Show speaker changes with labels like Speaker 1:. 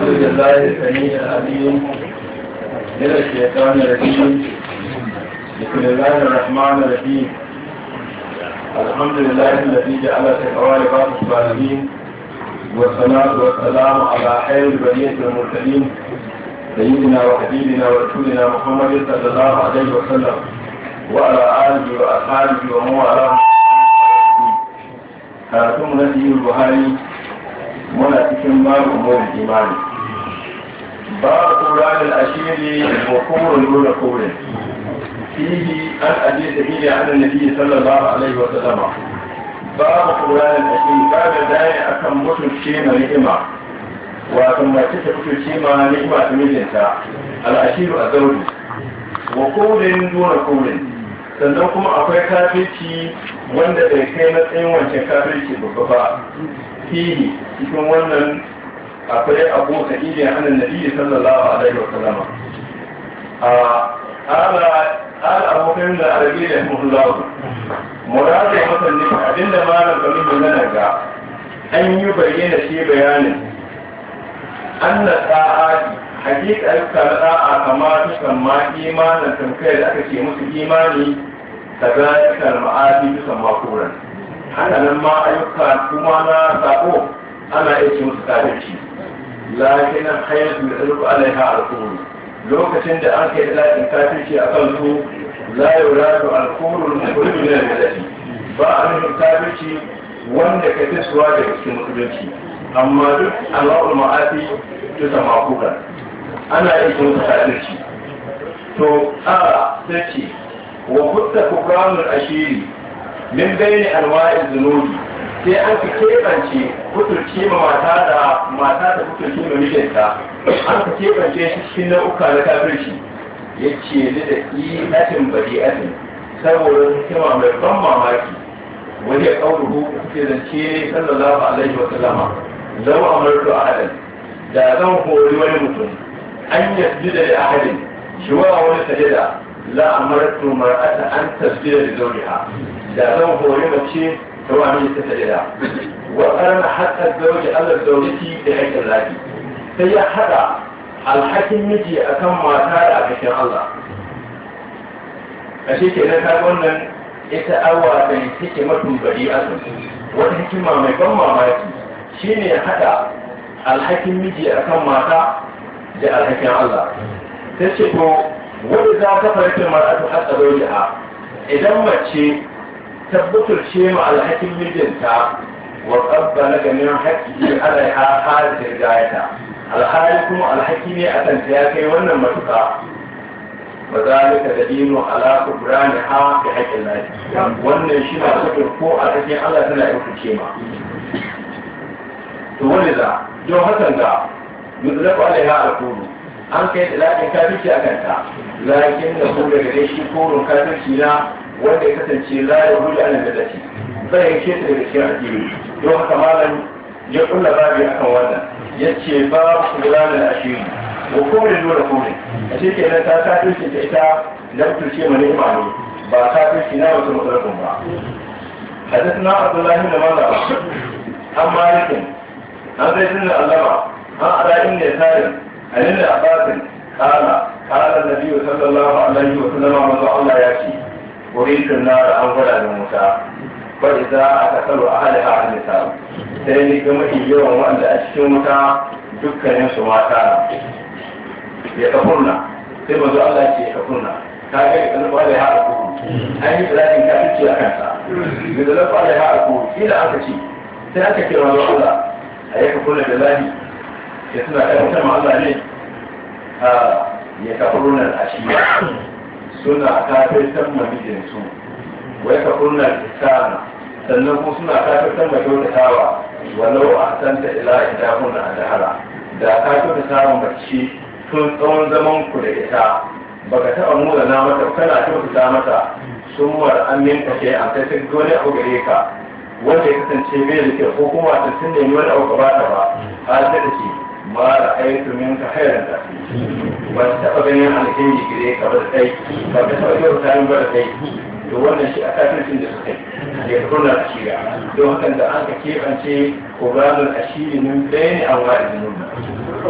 Speaker 1: الحمد لله الشيطان الرجيم بسم الله الرحمن الرحيم الحمد لله الذي جعل تقوى عباد الصالحين والصلاة والسلام على خير البرية المرسلين سيدنا وحبيبنا ورسولنا محمد صلى الله عليه وسلم وعلى آله وأصحابه ومن والاه كاتم نبي البخاري muna cikin babu umar باب قران الاشير وقور دون قور فيه عن ابي سعيد عن النبي صلى الله عليه وسلم باب قران الاشير باب داعي اكن متن شيما نعمه wato mace ta fito ce ma ni'ima ta mijinta al'ashiru a zauri wa kolin dole sannan kuma akwai kafirci wanda bai kai matsayin wancan kafirci babba ba fili cikin wannan akwai abu da ke an nabi sallallahu alaihi wa sallam a ala ala abokan da arabi da muhallal murade mutane abinda malam kalim bin nanaga an yi bayyana shi bayanin anna sa'ati hakika kan sa'a kama kama imanin tamkai da aka ce musu imani ta zaikar ma'adi ta sama kuran hananan ma ayyuka kuma na sako ana aiki musu kafirci lakin hayatu da tsarku alaiha alkuru lokacin da an kai da lakin kafirci a kan su la yuradu alkuru mukhrijun min al-milati ba a nufin kafirci wanda ka fisuwa daga cikin musulunci amma duk alwa'ul ma'afi ta sama kuka ana yin sun kafirci to a sai ce wa kutta kuranul ashiri min bayni anwa'il zunubi sai an ka keɓance kuturci ma mata da mata da kuturci ma mijinta an ka keɓance shi cikin nau'uka na kafirci ya ce ni da ilatin bari'atin saboda hikima mai ban mamaki wani ya ƙauru ke zance sallallahu alaihi wa sallama zama amartu ahadan da zan hori wani mutum an yasjuda da ahadin shi wa wani sajada la amartu mar'ata an tasjuda da zawriha da zan hori mace سواء من السفر وقرن حتى الزوج على الزوجتي بحيث الله سيا حدا الحكم مجي أكم ما تارى بشان الله أشيك إذا كان قلنا إذا أوى بيتك مكم بديئة وتحكما مكم ما ماتي شيني حدا الحكم مجي أكم ما تارى جاء الحكم الله تشكو ولذا كفرت المرأة حتى زوجها إذا ما تشيك تثبت الشيم على حكم مجنسة وقبل جميع حكم على حالة رجائتها على حالكم على حكم أتنسياتي ونمتك وذلك تدين على كبران حاق حكم الله وأن الشيم على حكم فوق حكم على تنعيك الشيم ولذا جو حسن ذا يدلق عليها الكون أنت لكن كافيش أكنت لكن كل شيء كون كافيش wanda ya kasance la ya wuce an millati bai ke ta daga cikin addini don haka malam ya kulla babu akan wannan yace ba kullanin ashiri wa kome da nuna kome a ce ke nan ta kafirci ta ita na mutunce mani imani ba kafirci na wata matsalakun ba حدثنا عبد الله بن مالك عن مالك عن زيد بن علامة عن علاء بن يسار عن ابن عباس قال قال النبي صلى الله عليه وسلم عن الله ياتي uridun nar an gwada da wuta fa idza akasalu ahliha an nisa sai ni ga mafi yawan wanda a cikin wuta dukkanin mata na ya kafurna sai manzo Allah ce ya kafurna ka ga kan da haɗa an yi tsarin ka fice a kansa da da lafa da haɗa ku sai Allah a da ya a suna kafirtan mamijinsu wai ka kunna kisana sannan kuma suna kafirtan mai tawa walau a santa ila ita kunna a jihara da ka da wa bacci tun tsawon zaman ku da ita baka taɓa mura na mata kana kyautata mata sun war an minka ke a kai dole a abu gare ka wanda ya kasance bai da kyau ko kuma ta sun nemi wani abu ka ba ta ba har da ce ma da ayyukan ka hayar da shi ba ta taɓa ganin alkin jigire ka ba da kai ba ta taɓa yau ta ba da kai to wannan shi a kafin da suka yi ya rona a shira don hakan da an ka keɓance ƙoranar ashiri nan ɗaya ne an waɗin nuna